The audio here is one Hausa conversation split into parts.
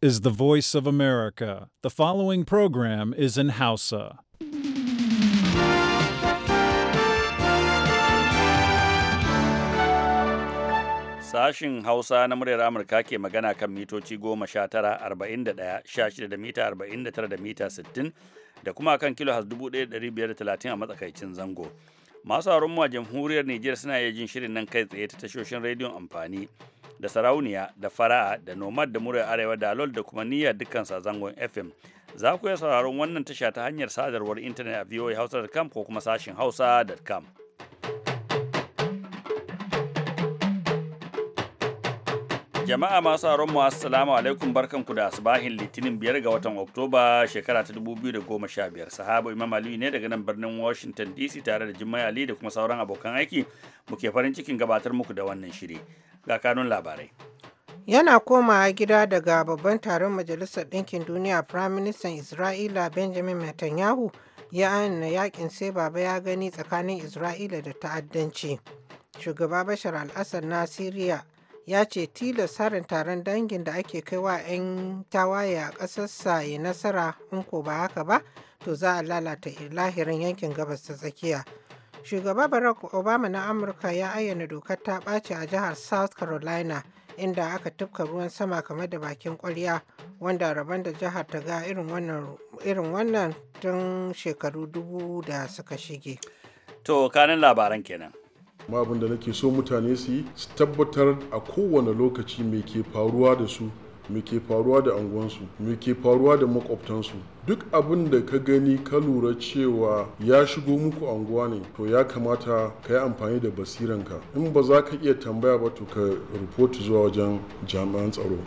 is the voice of America. The following program is in Hausa. Sashin Hausa na muryar Amurka ke magana kan mitoci goma sha tara arba'in da ɗaya sha shida da mita arba'in da tara da mita sittin da kuma kan kilo has dubu ɗaya ɗari biyar da talatin a matsakaicin zango. masu mu a jamhuriyar Nijar suna iya jin shirin nan kai tsaye ta tashoshin rediyon amfani da sarauniya da fara'a da nomad da murar arewa da alol da kuma niyyar dukkan zangon fm za ku iya sauraron wannan tasha ta hanyar sadarwar intanet a voahausa.com ko kuma sashin hausa.com Jama'a masu aron mu assalamu alaikum barkanku da asubahin Litinin biyar ga watan Oktoba shekara ta da 2015. Sahabo Imam Aliyu ne daga nan birnin Washington DC tare da Jummai Ali da kuma sauran abokan aiki muke farin cikin gabatar muku da wannan shiri. Ga kanun labarai. Yana koma gida daga babban taron Majalisar Ɗinkin Duniya Prime Minister Isra'ila Benjamin Netanyahu ya ayyana yakin sai baba ya gani tsakanin Isra'ila da ta'addanci. Shugaba Bashar al'asar nasiriya. na Siriya ya ce tilas harin taron dangin da ake kai wa 'yan tawaye a ƙasarsa ya nasara in ko ba haka ba to za a lalata lahirin yankin gabas ta tsakiya shugaba barack obama na amurka ya ayyana dokar ta ɓace a jihar south carolina inda aka tufka ruwan sama kamar da bakin kwarya wanda rabon da jihar ta ga irin wannan tun shekaru dubu da suka shige to kanin labaran kenan ma abin da nake so mutane su yi su tabbatar a kowane lokaci me ke faruwa da su me ke faruwa da anguwansu me ke faruwa da makwabtansu duk abin da ka gani ka lura cewa ya shigo muku anguwa ne to ya kamata ka yi amfani da basiranka in ba za ka iya tambaya ba to ka rubuta zuwa wajen jami'an tsaro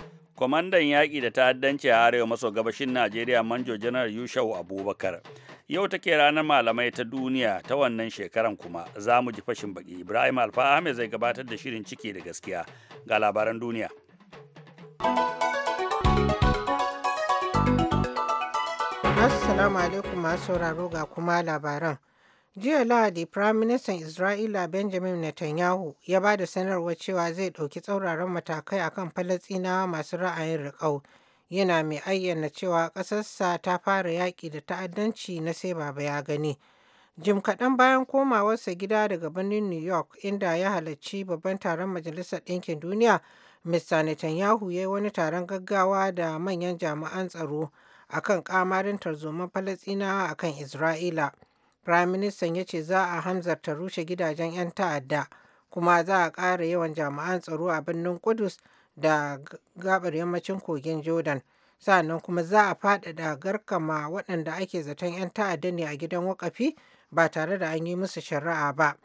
kwamandan yaƙi da ta'addanci a arewa maso gabashin najeriya manjo janar yushau abubakar yau take ranar malamai ta duniya ta wannan shekaran kuma za mu ji fashin baki ibrahim alfa ahmed zai gabatar da shirin ciki da gaskiya ga labaran duniya assalamu alaikum masu sauraro ga kuma labaran Jiya Lahadi, Firaministan Isra'ila Benjamin Netanyahu ya ba da sanarwar cewa zai ɗauki tsauraran matakai akan Falasɗinawa masu ra'ayin riƙau, yana mai ayyana cewa ƙasarsa ta fara yaƙi da ta'addanci na sai baba ya gani. Jim kaɗan bayan komawarsa gida daga birnin New York, inda ya halarci babban taron Majalisar Ɗinkin Duniya, Mr. Netanyahu ya yi wani taron gaggawa da manyan jami'an tsaro akan kamarin tarzoman Falasɗinawa akan Isra'ila. Firaministan ya ce za a hamzarta rushe gidajen 'yan ta'adda kuma za a ƙara yawan jami'an tsaro a birnin Kudus da gabar yammacin kogin Jordan. Sa'annan kuma za a faɗaɗa garkama waɗanda ake zaton 'yan ta'adda ne a gidan wakafi ba tare da an yi musu shari'a ba.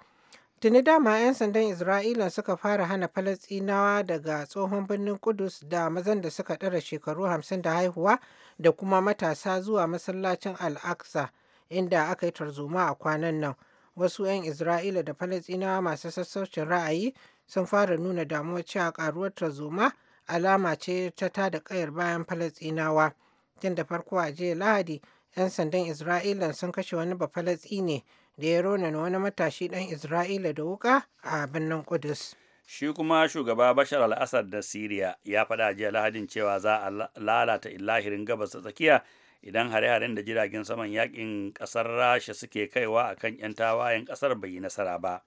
Tuni dama 'yan sandan Isra'ila suka fara hana Falasɗinawa daga tsohon birnin Kudus da mazan da suka ɗara shekaru hamsin da haihuwa da kuma matasa zuwa masallacin Al-Aqsa. inda aka yi tarzoma a kwanan nan wasu 'yan isra'ila da falastinawa masu sassaucin ra'ayi sun fara nuna damuwar cewa karuwar tarzoma alama ce ta tada kayar bayan falastinawa tun da farko a jiya lahadi 'yan sandan isra'ila sun kashe wani bafalatsine da ya rona wani matashi dan isra'ila da wuka a birnin kudus shi kuma shugaba bashar al da siriya ya faɗa jiya lahadin cewa za a lalata illahirin gabas ta tsakiya idan hare-haren da jiragen saman yakin kasar rasha suke kaiwa a kan 'yan tawayen kasar bai yi nasara ba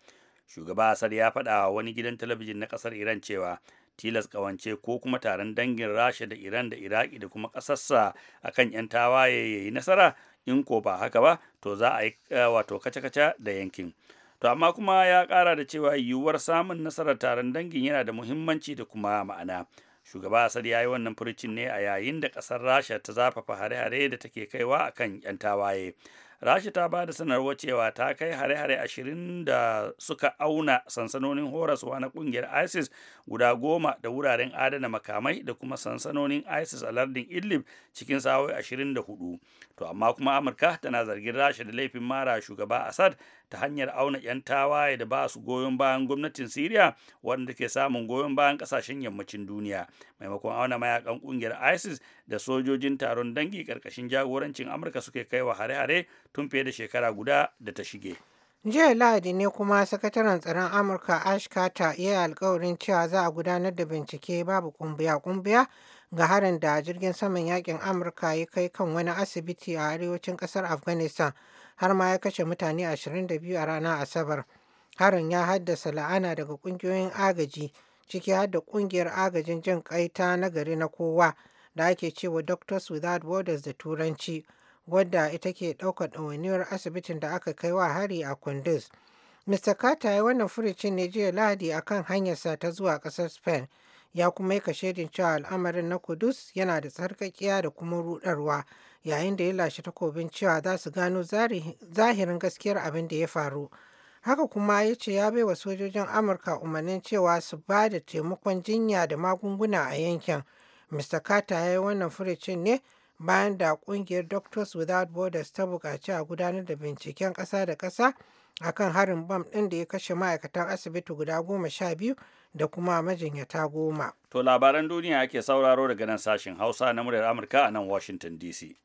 shugaba asar ya faɗa wani gidan talabijin na kasar iran cewa tilas kawance ko kuma taron dangin rasha da iran da iraki da kuma kasarsa kan 'yan tawaye ya yi nasara in ko ba haka ba to za a yi eh, wato kace kaca da yankin to amma kuma ya kara da cewa yiwuwar samun nasarar taron dangin yana da muhimmanci da kuma ma'ana shugaba asad ya yi wannan furucin ne a yayin da kasar rasha ta zafafa hare-hare da take kaiwa a kan 'yan tawaye rasha ta ba da sanarwar cewa ta kai hare-hare ashirin da suka auna sansanonin horaswa na kungiyar isis guda goma da wuraren adana makamai da kuma sansanonin isis a lardin idlib cikin sa'o'i ashirin da hudu to amma kuma amurka tana zargin rasha da laifin mara shugaba asad ta hanyar auna 'yan tawaye da ba su goyon bayan gwamnatin Siriya waɗanda ke samun goyon bayan kasashen yammacin duniya maimakon auna mayakan ƙungiyar ISIS da sojojin taron dangi ƙarƙashin jagorancin Amurka suke kaiwa hare-hare tun fiye da shekara guda da ta shige. jiya lahadi ne kuma sakataren tsaron amurka ash carter ya yi alkawarin cewa za a gudanar da bincike babu kumbiya-kumbiya ga harin da jirgin saman yakin amurka ya kai kan wani asibiti a arewacin kasar afghanistan har ma ya kashe mutane 22 a ranar Asabar. Harin ya haddasa la'ana daga ƙungiyoyin agaji ciki har da ƙungiyar agajin jin ƙaita na gari na kowa da ake cewa Doctors Without Borders da Turanci, wadda ita ke ɗaukar ɗawainiyar asibitin da aka kai wa hari a Kundus. Mr. Carter ya wannan furucin ne jiya Lahadi a kan hanyarsa ta zuwa ƙasar Spain, ya kuma yi kashedin cewa al'amarin na Kudus yana da tsarkakiya da kuma ruɗarwa, yayin da ya lashe takobin cewa za su gano zahirin gaskiyar abin da ya faru haka kuma ya ce ya bai wa sojojin amurka umarnin cewa su ba da taimakon jinya da magunguna a yankin mr kata ya yi wannan furicin ne bayan da kungiyar doctors without borders ta buƙaci a gudanar da binciken ƙasa da ƙasa akan harin bam ɗin da ya kashe ma'aikatan asibiti guda goma sha biyu da kuma majinyata goma. To labaran duniya ake sauraro daga nan sashen Hausa na muryar Amurka a nan Washington DC.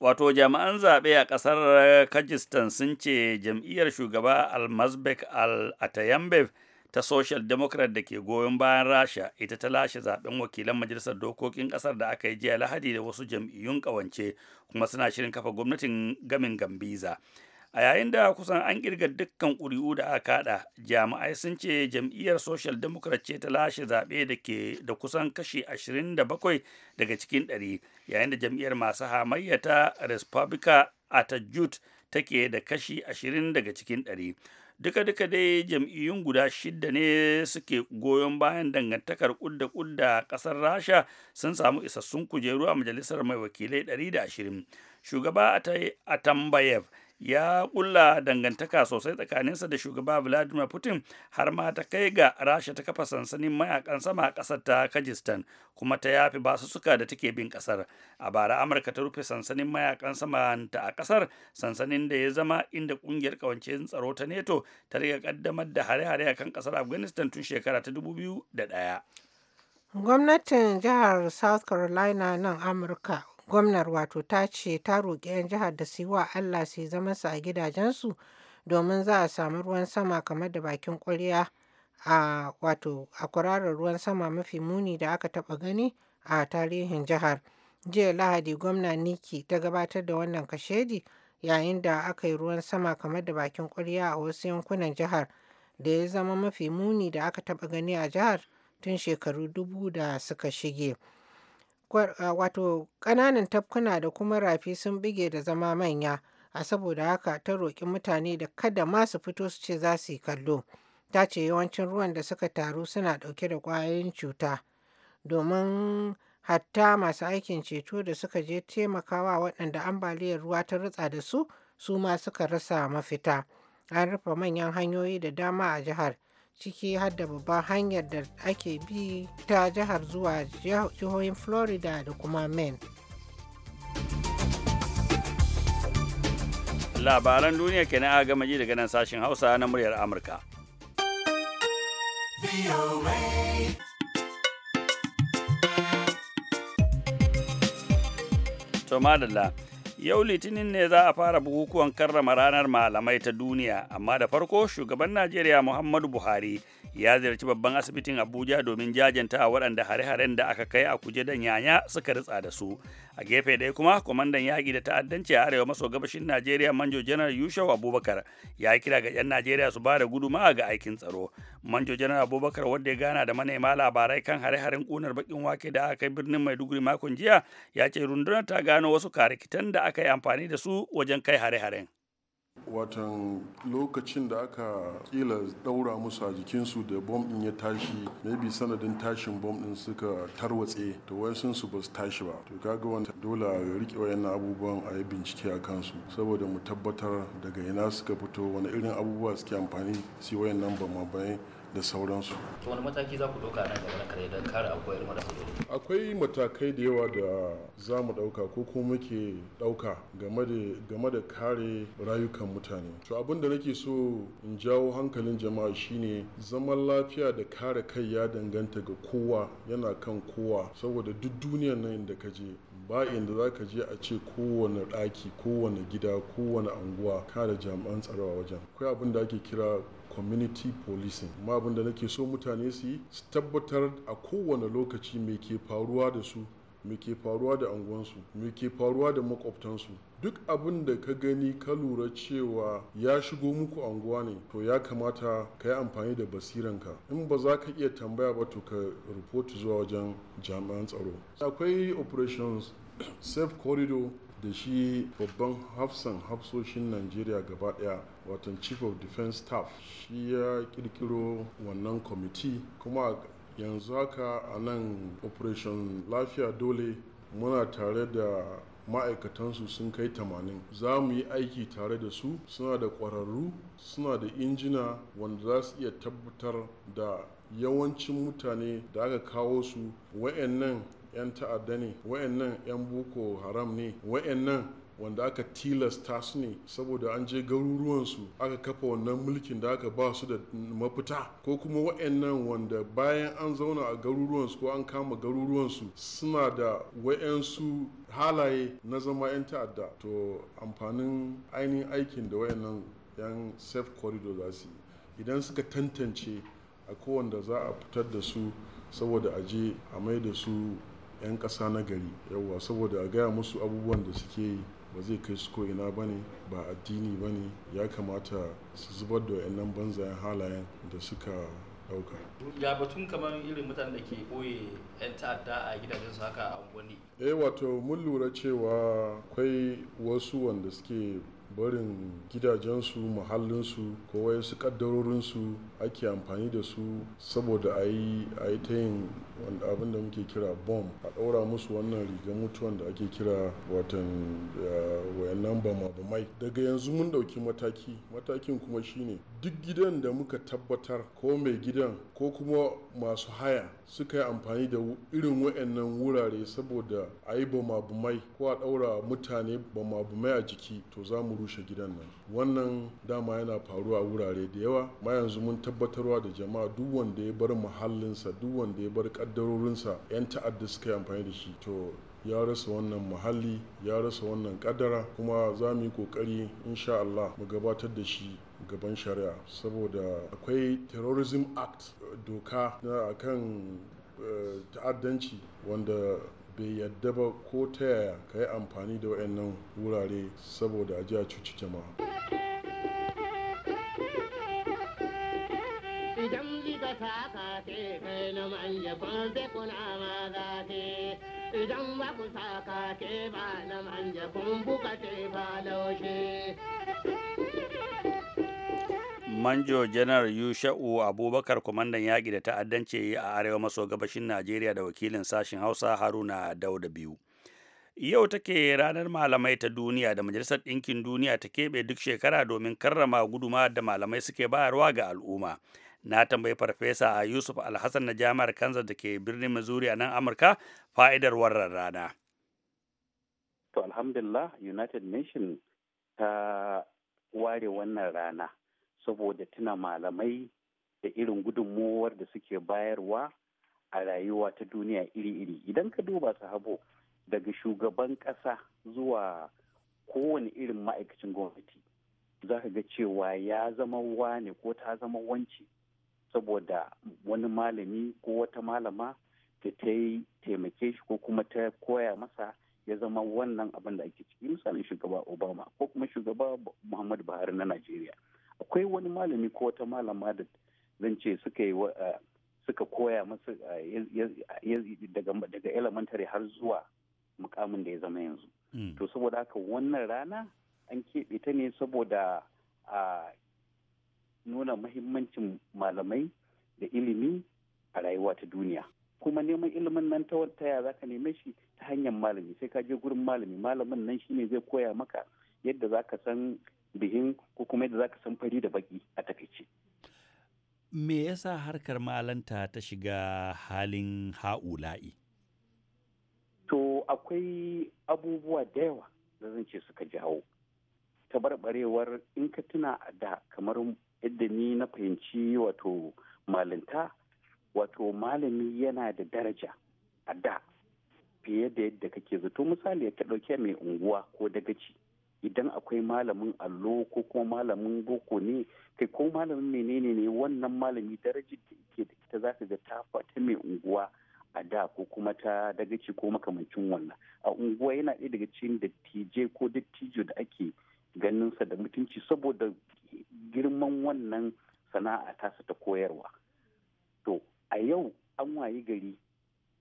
wato jami'an zaɓe a ƙasar kajistan sun ce jam'iyyar shugaba almazbek al-atayambev ta social democrat da ke goyon bayan rasha ita ta lashe zaɓen wakilan majalisar dokokin ƙasar da aka yi jiya lahadi da wasu jam'iyyun ƙawance kuma suna shirin kafa gwamnatin gamin gambiza a yayin da kusan an kirga dukkan ƙuri'u da aka kada jami'ai sun ce jam'iyyar social democrat ce ta lashe zaɓe da ke da kusan kashi 27 daga cikin 100 yayin da jam'iyyar masu hamayya ta respublica atajut take da kashi 20 daga cikin 100 duka-duka dai jam'iyyun guda shidda ne suke goyon bayan dangantakar kudda kudda kasar rasha sun samu isassun kujeru a majalisar mai wakilai 120 shugaba a tambayev ya kulla dangantaka sosai tsakaninsa da shugaba vladimir putin har ma ta kai ga rasha ta kafa sansanin mayakan sama a kasar ta kajistan kuma ta yafi suka da take bin kasar a bara amurka ta rufe sansanin mayakan sama ta a kasar sansanin da ya zama inda kungiyar ƙawancen tsaro ta neto ta riga kaddamar da hare-hare a kan ƙasar afghanistan tun shekara ta 2001 Gwamnatin jihar South Carolina nan Amurka Gwamnar wato ta ce ta roƙi 'yan jihar da su yi wa Allah su zama su a gidajensu domin za a samu ruwan sama kamar da bakin ƙwarya a wato a kwararar ruwan sama mafi muni da aka taɓa gani a tarihin jihar. Jiya Lahadi gwamna Niki ta gabatar da wannan kashedi yayin da aka yi ruwan sama kamar da bakin ƙwarya a wasu yankunan jihar da ya zama mafi muni da aka taɓa gani a jihar tun shekaru dubu da suka shige. wato ƙananan tafkuna da kuma rafi sun bige da zama manya a saboda haka ta roƙi mutane da kada masu fito su ce za su yi kallo ta ce yawancin ruwan da suka taru suna ɗauke da ƙwayoyin cuta domin hatta masu aikin ceto da suka je taimakawa waɗanda ambaliyar ruwa ta rutsa da su su ma suka rasa mafita an rufe manyan hanyoyi da dama a jihar ciki har da babban hanyar da ake bi ta jihar zuwa jihohin florida da kuma maine labaran duniya kenan a gama ji daga nan sashen hausa na muryar amurka to madalla Yau Litinin ne za a fara bukukuwan karrama ranar malamai ta duniya, amma da farko shugaban Najeriya Muhammadu Buhari ya ziyarci babban asibitin abuja domin jajanta a waɗanda hare-haren da aka kai a kuje da nyanya suka ritsa da su a gefe ɗaya kuma kwamandan yaƙi da ta'addanci a arewa maso gabashin najeriya manjo janar yushau abubakar ya kira ga 'yan najeriya su ba da gudumawa ga aikin tsaro manjo janar abubakar wanda ya gana da manema labarai kan hare-haren ƙunar bakin wake da aka kai birnin maiduguri makon jiya ya ce rundunar ta gano wasu karikitan da aka yi amfani da su wajen kai hare-haren watan lokacin da aka kila daura musu a jikinsu da bom ɗin ya tashi maybe sanadin tashin bom ɗin suka tarwatse to wayansun su ba su tashi ba to kaga wanda dole a rike wayannan abubuwan a yi bincike a kansu saboda mu tabbatar daga ina suka fito wani irin abubuwa suke amfani su wayannan ma bayan da sauransu. wani mataki za ku ɗauka nan gaba na kare don kare akwai marasa da Akwai matakai da yawa da za mu ɗauka ko kuma muke ɗauka game da kare rayukan mutane. To abin da nake so in jawo hankalin jama'a shine zaman lafiya da kare kai ya danganta ga kowa yana kan kowa saboda duk duniyar nan inda ka je ba inda za ka je a ce kowane ɗaki kowane gida kowane anguwa kare jami'an tsaro a wajen. Akwai abin da ake kira community policing ma abin da nake so mutane su yi su tabbatar a kowane lokaci me ke faruwa da su me ke faruwa da anguwansu me ke faruwa da makwabtansu duk abin da ka gani ka lura cewa ya shigo muku anguwa ne to ya kamata ka yi amfani da basiranka in ba za ka iya tambaya ba to ka rubuta zuwa wajen jami'an tsaro akwai operations safe corridor da shi babban hafsan hafsoshin najeriya gaba daya watan chief of defense staff shi ya kirkiro wannan kwamiti kuma yanzu haka a nan operation lafiya dole muna tare da ma'aikatansu sun kai 80 za mu yi aiki tare da su suna da ƙwararru suna da injina wanda za su iya tabbatar da yawancin mutane da aka kawo su wa'annan. 'yan ta'adda ne wayannan 'yan boko haram ne wayannan wanda aka tilasta su ne saboda an je garuruwansu aka kafa wannan mulkin da aka ba su da mafita ko kuma wa'annan wanda bayan an zauna a garuruwansu ko an kama garuruwansu suna da wa'ansu halaye na zama 'yan ta'adda to amfanin ainihin aikin da wa'annan 'yan safe corridor za su yi idan suka tantance a kowanda za a fitar da su saboda a je a mai da su 'yan ƙasa na gari yawwa saboda a gaya musu abubuwan da suke yi ba zai kai su ko'ina ba ne ba addini ba ne ya kamata su zubar da wayannan banzayen halayen da suka ɗauka. ya batun kamar irin mutanen da ke ɓoye 'yan ta'adda a gidajen su haka a ya eh wato mun lura cewa akwai wasu wanda suke barin gidajensu muhallinsu ko wasu kaddarorinsu ake amfani da su saboda a yi ta yin abin da muke kira bom a ɗaura musu wannan rigar mutuwan da ake kira watan eh, wayannan bama bamai daga yanzu mun ɗauki mataki matakin kuma shine duk gidan da muka tabbatar ko mai gidan ko kuma masu haya suka yi amfani da irin wayannan wurare saboda a yi bama mai ko a ɗaura mutane bama mai a jiki to za mu rushe gidan nan wannan dama yana faruwa wurare da yawa ma yanzu mun tabbatarwa da jama'a duk wanda ya bar muhallinsa duk wanda ya bar kaddarorinsa 'yan ta'adda suka yi amfani da shi to ya rasa wannan muhalli ya rasa wannan kadara kuma za mu yi kokari insha Allah mu gabatar da shi gaban shari'a saboda akwai terrorism act doka na akan eh, ta'addanci wanda bai yadda ba ko ta yaya ka yi amfani da wayannan wurare saboda a a cuci jama'a sakati kun idan ba ku ke ba na kun ba laushe. manjo janar yusha'u abubakar kwamandan yaƙi da ta'addanci a arewa maso gabashin najeriya da wakilin sashen hausa haruna dauda biyu yau take ranar malamai ta duniya da majalisar ɗinkin duniya ta keɓe duk shekara domin karrama guduma da malamai suke bayarwa ga al'umma na tambayi farfesa a yusuf alhassan na jami'ar kansas da ke birnin missouri a nan amurka fa'idar wannan rana to alhamdulillah united nation ta ware wannan rana saboda tuna malamai da irin gudunmowar da suke bayarwa a rayuwa ta duniya iri-iri idan ka duba sahabo daga shugaban ƙasa zuwa kowane irin ma'aikacin gwamnati za ka ga cewa ya zama wane ko ta zama wance saboda wani malami ko wata malama ta ta yi taimake shi ko kuma ta koya masa ya zama wannan abin da ake ciki misalin shugaba obama ko kuma shugaba muhammadu buhari na najeriya akwai wani malami ko wata malama da zan ce suka yi suka koya masa daga elementary har zuwa mukamin da ya zama yanzu hmm. to saboda haka wannan rana an keɓe ta ne saboda nuna mahimmancin malamai da ilimi a rayuwa ta duniya kuma neman ilimin nan ta wata za ka neme shi ta hanyar malami sai ka je gurin malami malamin nan shine zai koya maka yadda za ka san bihin ko kuma yadda za ka san fari da baki a takaice me yasa harkar malanta ta shiga halin ha'ula'i to akwai abubuwa da yawa da zan ce suka jawo tabarbarewar in ka tuna a da kamar yadda ni na fahimci wato malinta wato malami yana da daraja a da fiye da yadda kake zato misali ta ɗauke mai unguwa ko dagaci idan akwai malamin allo ko kuma malamin boko ne kai ko malamin menene ne wannan malami darajar da ke da ita zaka ga ta fata mai unguwa a da ko kuma ta dagaci ko makamancin wannan a unguwa yana ɗaya daga cikin dattijai ko dattijo da ake ganinsa da mutunci saboda girman wannan sana'a tasa ta koyarwa to a yau an wayi gari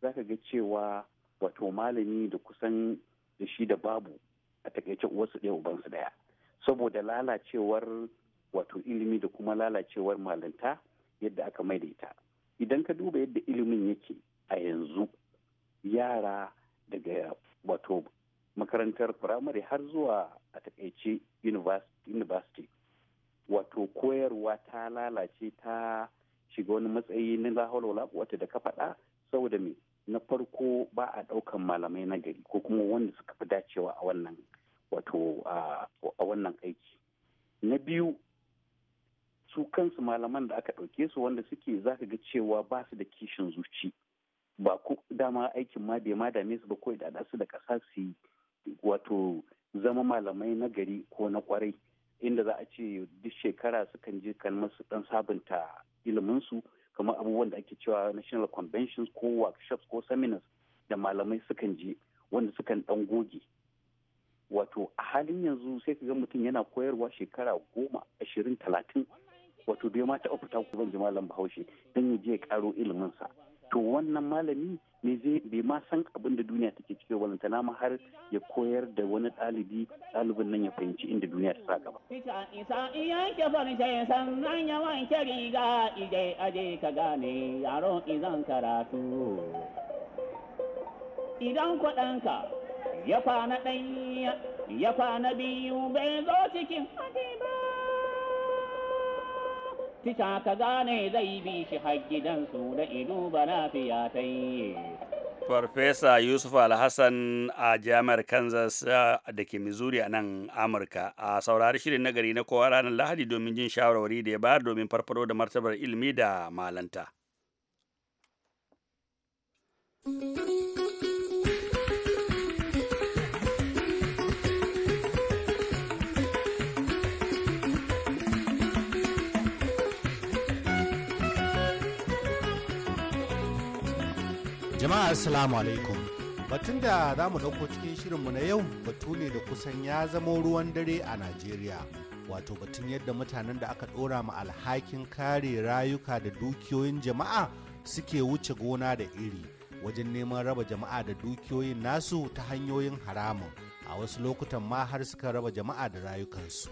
za ka ga cewa wato malami da kusan da shi da babu a takaice wasu ɗaya ubansu ɗaya saboda lalacewar wato ilimi da kuma lalacewar malanta yadda aka ita idan ka duba yadda ilimin yake a yanzu yara daga wato makarantar firamare har zuwa a takaice university wato koyarwa ta lalace ta shiga wani matsayi na lahaula wata da ka faɗa saboda me na farko ba a ɗaukan malamai na gari ko kuma wanda suka fi dacewa a wannan aiki na biyu su kansu malaman da aka ɗauke su wanda suke za ka ga cewa ba su da kishin zuci ba ku dama aikin ma bai ma dame su ba kawai da su da ƙasa su wato zama malamai na gari ko na kwarai inda za a ce duk shekara sukan je kan masu dan sabunta iliminsu kamar abubuwan da ake cewa national conventions ko workshops ko seminars da malamai sukan je wanda sukan dan goge wato a halin yanzu sai ka ga mutum yana koyarwa shekara goma ashirin talatin wato bai ma taɓa fita ko ban ji malam bahaushe don ya je ya ƙaro iliminsa to wannan malami bai ma san abin da duniya take ciki walanta na ma har ya koyar da wani ɗalibi ɗalibin nan ya fahimci inda duniya ta sa gaba. Ita isa iya ke farce ya wanke riga aje ka gane yaron izan karatu. Idan kuɗanka ya kwana ɗaya ya kwana biyu bai zo cikin hadi ba. tisha ka gane zai bi shi har gidansu da ido ba lafiya ta yi. Farfesa Yusuf Alhassan a Jami'ar Kansas da ke Missouri a nan Amurka a saurari shirin nagari na kowa ranar Lahadi domin jin shawarwari da ya ba domin farfaro da martabar ilimi da malanta. Jama'a Assalamu alaikum. Batun da za mu ɗauko cikin shirinmu na yau batu ne da kusan ya zama ruwan dare a Najeriya. Wato batun yadda mutanen da aka ɗora ma alhakin kare rayuka da dukiyoyin jama'a suke wuce gona da iri wajen neman raba jama'a da dukiyoyin nasu ta hanyoyin haramun. A wasu lokutan ma har suka raba jama'a da rayukansu.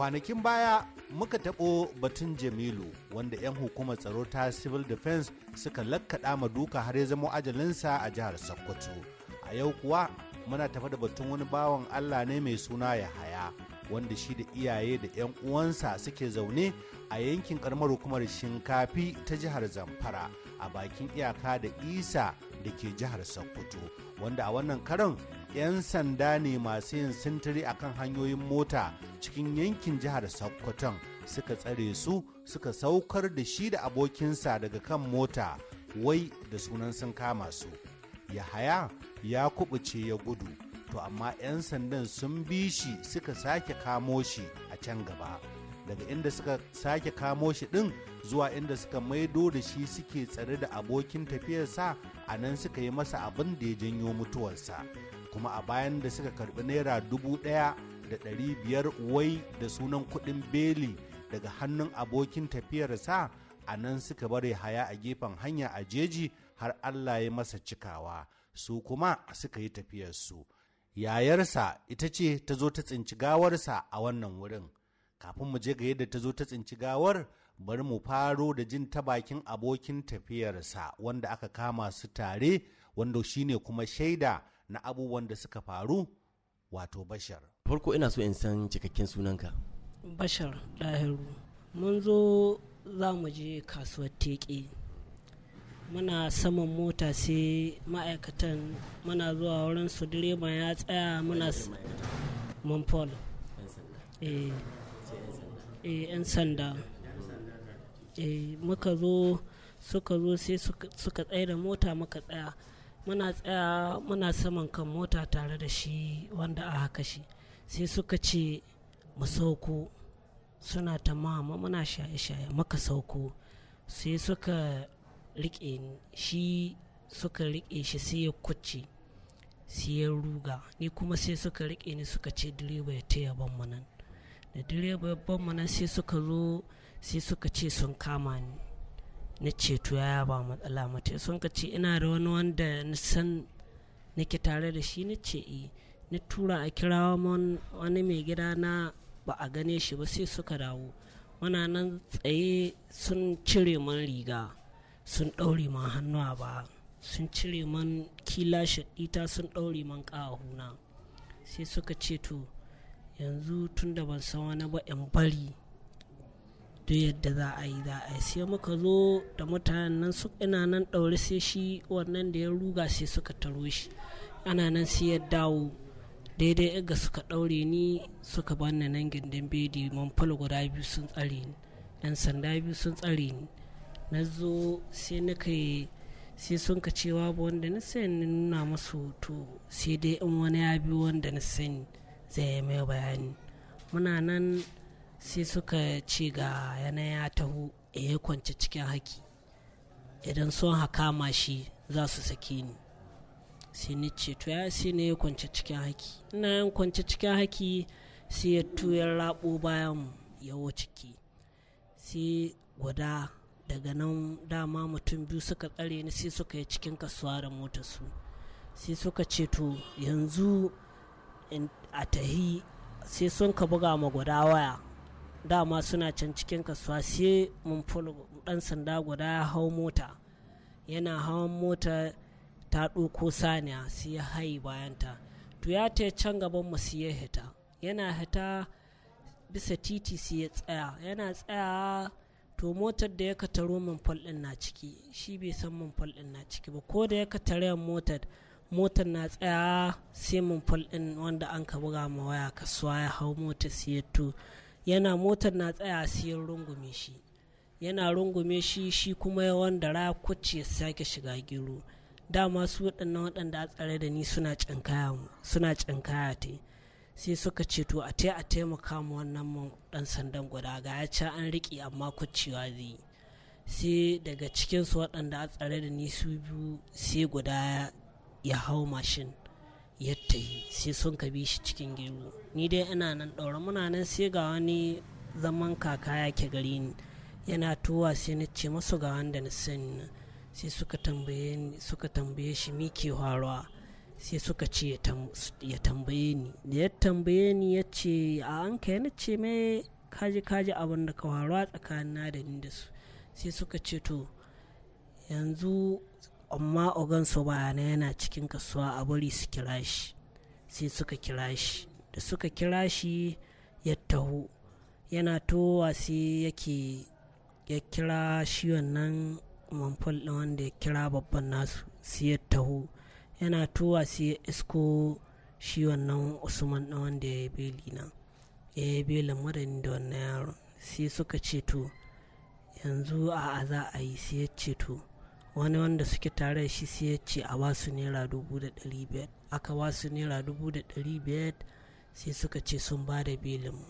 kwanakin baya muka taɓo batun jamilu wanda 'yan hukumar tsaro ta civil defense suka lakkaɗa ma duka har ya zama ajalinsa a jihar sokoto a yau kuwa muna tafa da batun wani bawan allah ne mai suna yahaya wanda shi da iyaye da 'yan uwansa suke zaune a yankin karamar hukumar shinkafi ta jihar zamfara a bakin iyaka da isa da ke jihar sokoto wanda a wannan karon 'yan sanda ne masu yin sintiri kan hanyoyin mota cikin yankin jihar sokoton suka tsare su suka saukar da shi da abokinsa daga kan mota wai da sunan sun kama su yahaya ya kubuce ya gudu to amma 'yan sandan sun bi shi suka sake kamo shi a can gaba daga inda suka sake kamo shi ɗin zuwa inda suka maido da shi suke tsare da abokin tafiyarsa a nan suka yi masa abin da ya janyo mutuwarsa kuma a bayan da suka karbi naira dubu daya da dari biyar wai da sunan kuɗin beli daga hannun abokin tafiyarsa a nan suka bare haya a gefen hanya a jeji har allah ya masa cikawa su kuma suka yi tafiyarsu yayarsa ita ce ta zo ta tsinci gawarsa a wannan wurin kafin mu je ga yadda ta zo ta tsinci gawar bari mu faro da jin ta bakin abokin tafiyarsa wanda aka kama su tare wanda shine kuma shaida na abubuwan da suka faru wato bashar farko ina so in san cikakken sunanka bashar dahiru mun zo za mu je kasuwar teƙe muna saman mota sai ma'aikatan muna zuwa wurin su direban ya tsaya muna manfol e eh, eh, yan sanda eh, muka zo suka zo sai suka tsaye da mota muka tsaya muna tsaya muna saman kan mota tare da shi wanda a haka shi sai suka ce mu sauko suna ta mama muna shaye-shaye maka sauko sai suka riƙe shi suka riƙe shi sai ya kuce sai ya ruga ni kuma sai suka riƙe ni suka ce direba ya taya ban manan da direba ya ban manan sai suka zo sai suka ce sun kama ni na ce to yaya ba matsala mata sun ka ce ina da wani wanda na san nake tare da shi na ce e na tura a kira wani mai gida na ba a gane shi ba sai suka dawo muna nan tsaye sun cire man riga sun ɗaure man hannu ba sun cire man kila shaɗita sun ɗaure man ƙahuna sai suka ce to yanzu tun da ban san wani ba in bari duk yadda za a yi za a yi sai muka zo da mutanen nan su ina nan ɗaure sai shi wannan da ya ruga sai suka taro shi ana nan sai ya dawo daidai ga suka ɗaure ni suka bani nan gindin bedi manfal guda biyu sun tsare ni ɗan sanda biyu sun tsare ni na zo sai na kai sai sun ka cewa ba wanda na sani nuna masu to sai dai in wani ya bi wanda na sani zai yi mai bayani muna nan sai suka ce ga yanayi ya taho ya kwanci cikin haki idan sun hakama shi za su sake ni sai ni ce to ya sai ne ya kwanci cikin haki ina yan kwanci cikin haki sai ya tuyar rabo bayan ya ciki sai guda daga nan dama mutum biyu suka tsare ni sai suka yi cikin kasuwa da motar su sai suka ce to yanzu a tahi sai sun ka buga ma guda waya dama suna can cikin kasuwa sai mun dan sanda guda ya hau mota yana hawan mota ta ɗauko saniya sai ya hayi bayanta to ya ta can gaban mu sai ya hita yana hita bisa titi sai ya tsaya yana tsaya to motar da ya kataro min ɗin na ciki shi bai san min ɗin na ciki ba ko da ya katare motar motar na tsaya sai min ɗin wanda an ka buga ma waya kasuwa ya hau mota sai ya to yana motar na tsaya siyan rungume shi yana rungume shi shi kuma yawan da rakuci ya sake shiga gero dama su waɗannan waɗanda a tsare da ni suna cankaya suna cankaya ta sai suka ce to a a taimaka mu wannan mu ɗan sandan guda ga ya ci an riƙe amma kucewa zai sai daga cikinsu waɗanda a tsare da ni su biyu sai guda ya hau mashin yadda yi sai sun ka bi shi cikin gero ni dai ina nan ɗaura muna nan sai ga wani zaman kaka ya ke gari ni yana tuwa sai na ce masu ga wanda na sani na sai suka tambaye ni suka tambaye shi mi ke faruwa sai suka ce ya tambaye ni da ya tambaye ni ya ce a an ka yana ce mai kaji kaji abin da ka faruwa tsakanin na da ni da su sai suka ce to yanzu amma ogan su bayana yana cikin kasuwa a bari su kira shi sai suka kira shi da suka kira shi ya taho yana towa sai yake ya kira shi wannan manfal ɗin wanda ya kira babban nasu sai ya taho yana towa sai ya isko shi wannan usman ɗin wanda ya yi beli nan ya yi belin madani da wannan yaron sai suka ce to yanzu a za a yi sai ya ce to wani wanda suke tare shi sai ya ce a wasu naira dubu da ɗari biyar aka wasu naira dubu da ɗari biyar sai suka ce sun ba da belin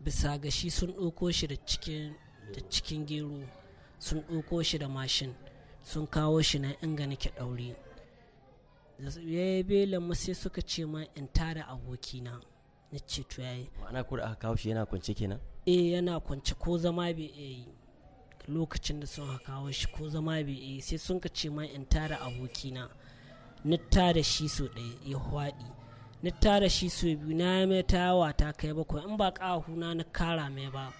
bisa ga shi sun ɗauko shi da cikin da cikin gero sun ɗauko shi da mashin sun kawo shi na inga nake ɗauri ya yi belin mu sai suka ce ma in tara abokina na ce to yi. ma'ana ko aka kawo shi yana kwance kenan eh yana kwance ko zama bai iya yi lokacin da sun kawo shi ko zama bai sai sun ka ce ma in tara abokina na tara shi so ɗaya ya hwaɗi na tara shi so biyu na mai tawa ta kai bakwai in ba ƙahuna na kara mai ba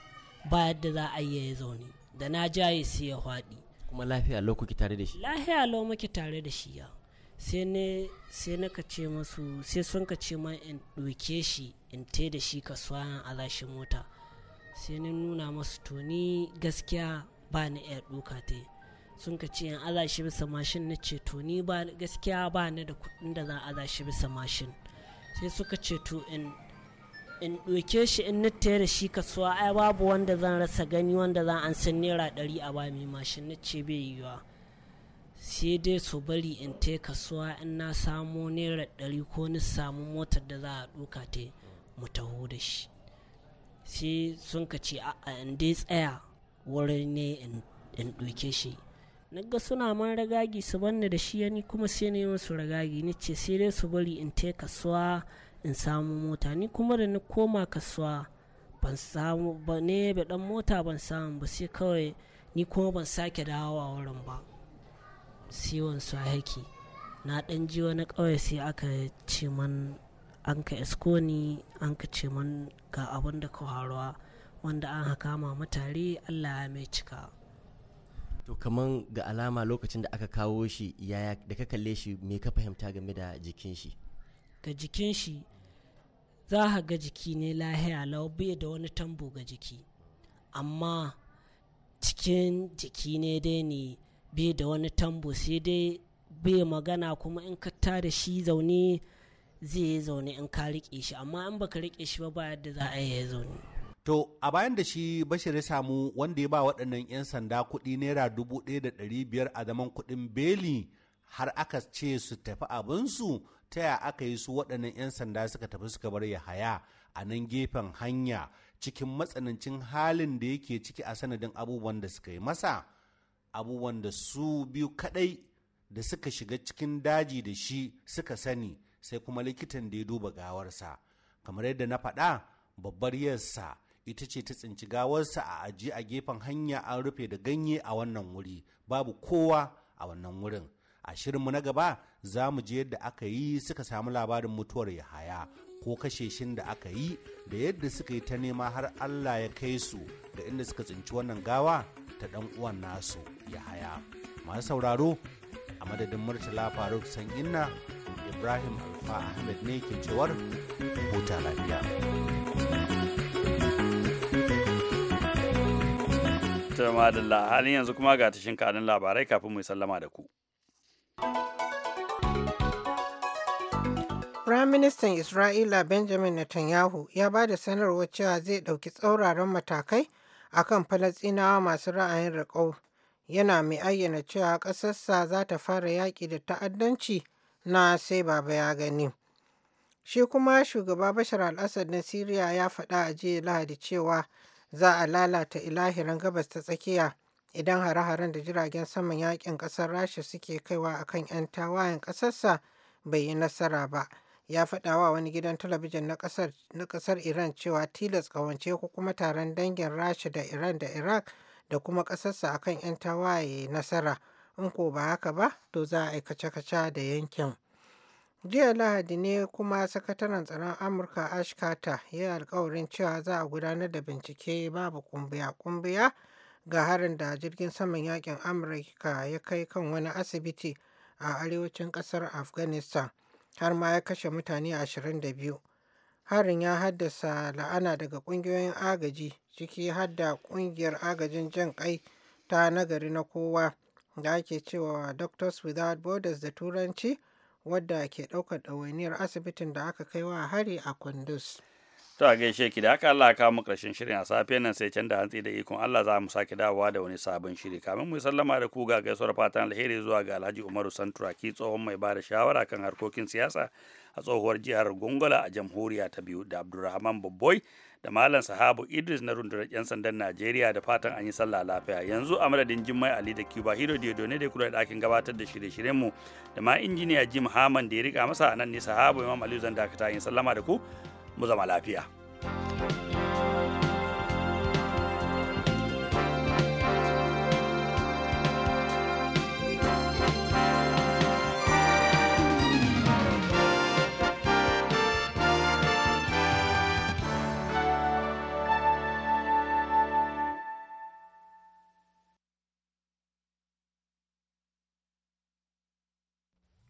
ba yadda za a yi ya zaune da na jaye sai ya hwaɗi kuma lafiya lau kuke tare da shi lafiya lau muke tare da shi ya sai ne sai na ka ce masu sai sun ka ce ma in ɗauke shi in te da shi kasuwa zashin mota sai ni nuna masu toni gaskiya ba ni iya duka ta sun ka ce in aza shi bisa mashin na ce ni ba gaskiya ba ni da kuɗin da zan aza shi bisa mashin sai suka ce to in in ɗauke shi in na da shi kasuwa ai babu wanda zan rasa gani wanda zan an san naira ɗari a ba mai mashin na ce bai yiwa sai dai su bari in ta kasuwa in na samo naira ɗari ko ni samu motar da za a ɗuka ta mu taho da shi sai sun ka ce a'a in dai tsaya wuri ne in ɗauke shi na ga suna man ragagi su banni da shi ni kuma sai ne musu ragagi ni ce sai dai su bari in te kasuwa in samu mota ni kuma da ni koma kasuwa ban samu ba ne ba dan mota ban samu ba sai kawai ni kuma ban sake dawowa wurin ba siwon su haki na dan ji wani kawai sai aka ce man an ka isko ni an ka ce man ga abin da ka haruwa wanda an hakama mutare Allah ya mai cika to kaman ga alama lokacin da aka kawo shi yaya da ka kalle shi me ka fahimta game da jikin shi ga jikin shi za ka ga jiki ne lahiya lau bai da wani tambo ga jiki amma cikin jiki ne dai ne bai da wani tambo sai dai bai magana kuma in ka tada shi zaune zai yi zaune in ka riƙe shi amma in baka riƙe shi ba ba yadda za a yi zaune To, a bayan da shi Bashir ya samu wanda ya ba waɗannan 'yan sanda kuɗi naira dubu ɗaya da ɗari biyar a zaman kuɗin beli har aka ce su tafi abinsu ta ya aka yi su waɗannan 'yan sanda suka tafi suka bar ya haya a nan gefen hanya cikin matsanancin halin da yake ciki a sanadin abubuwan da suka yi masa abubuwan da su biyu kaɗai da suka shiga cikin daji da shi suka sani sai kuma likitan da ya duba gawarsa kamar yadda na faɗa babbar yarsa ita ce ta tsinci gawarsa a aji a gefen hanya an rufe da ganye a wannan wuri babu kowa a wannan wurin a shirinmu na gaba za mu je yadda aka yi suka samu labarin mutuwar yahaya ko kashe shin da aka yi da yadda suka yi ta nema har allah ya kai su ga inda suka tsinci wannan gawa ta dan uwan nasu yahaya masu sauraro a madadin murtala faruk san inna ibrahim alfa ahmed ne ke cewar huta lafiya To madalla halin yanzu kuma ga tashin kanin labarai kafin mu sallama da ku. Firaministan Isra'ila Benjamin Netanyahu ya ba da sanarwa cewa zai ɗauki tsauraran matakai a kan Falasɗinawa masu ra'ayin raƙau Yana mai ayyana cewa ƙasarsa za ta fara yaƙi da ta'addanci na sai baba ya gani. Shi kuma shugaba Bashar al-Assad na Siriya ya faɗa a jiya Lahadi cewa za a lalata ilahirin gabas ta tsakiya idan hare-haren da jiragen saman yakin kasar rasha suke kaiwa akan 'yan tawayen kasarsa bai yi nasara ba ya faɗa wa wani gidan talabijin na kasar iran cewa tilas kawance ko kuma taron dangin rasha da iran da iraq da kuma kasarsa akan 'yan tawaye nasara in ko ba haka ba to za a aikace-kace da yankin. Jiya Lahadi ne kuma Sakataren Tsaron Amurka Ash Carter ya yi alkawarin cewa za a gudanar da bincike babu kumbiya-kumbiya ga harin da jirgin saman yakin Amurka ya kai kan wani asibiti a arewacin kasar Afghanistan har ma ya kashe mutane 22. Harin ya haddasa la'ana daga kungiyoyin agaji ciki har da kungiyar agajin jan kai ta nagari na kowa da ake cewa Doctors Without Borders da Turanci. wadda ke ɗaukar ɗawainiyar asibitin da aka kai wa hari a Kwandus. To a gaishe ki da aka Allah kawo mu karshen shirin a safe nan sai can da hantsi da ikon Allah za mu sake dawowa da wani sabon shiri kamin mu yi sallama da ku ga gaisuwar fatan alheri zuwa ga Alhaji Umaru ki tsohon mai bada shawara kan harkokin siyasa a tsohuwar jihar Gongola a jamhuriya ta biyu da Abdulrahman Bobboy da malam sahabu idris na rundunar 'yan sandan najeriya da fatan an yi sallah lafiya yanzu a madadin jimmai ali da cuba hiro diodo ne da kula da gabatar da shirye mu da ma injiniya jim haman da ya rika masa a nan ne sahabu imam aliyu zan dakata yin sallama da ku mu zama lafiya. thank you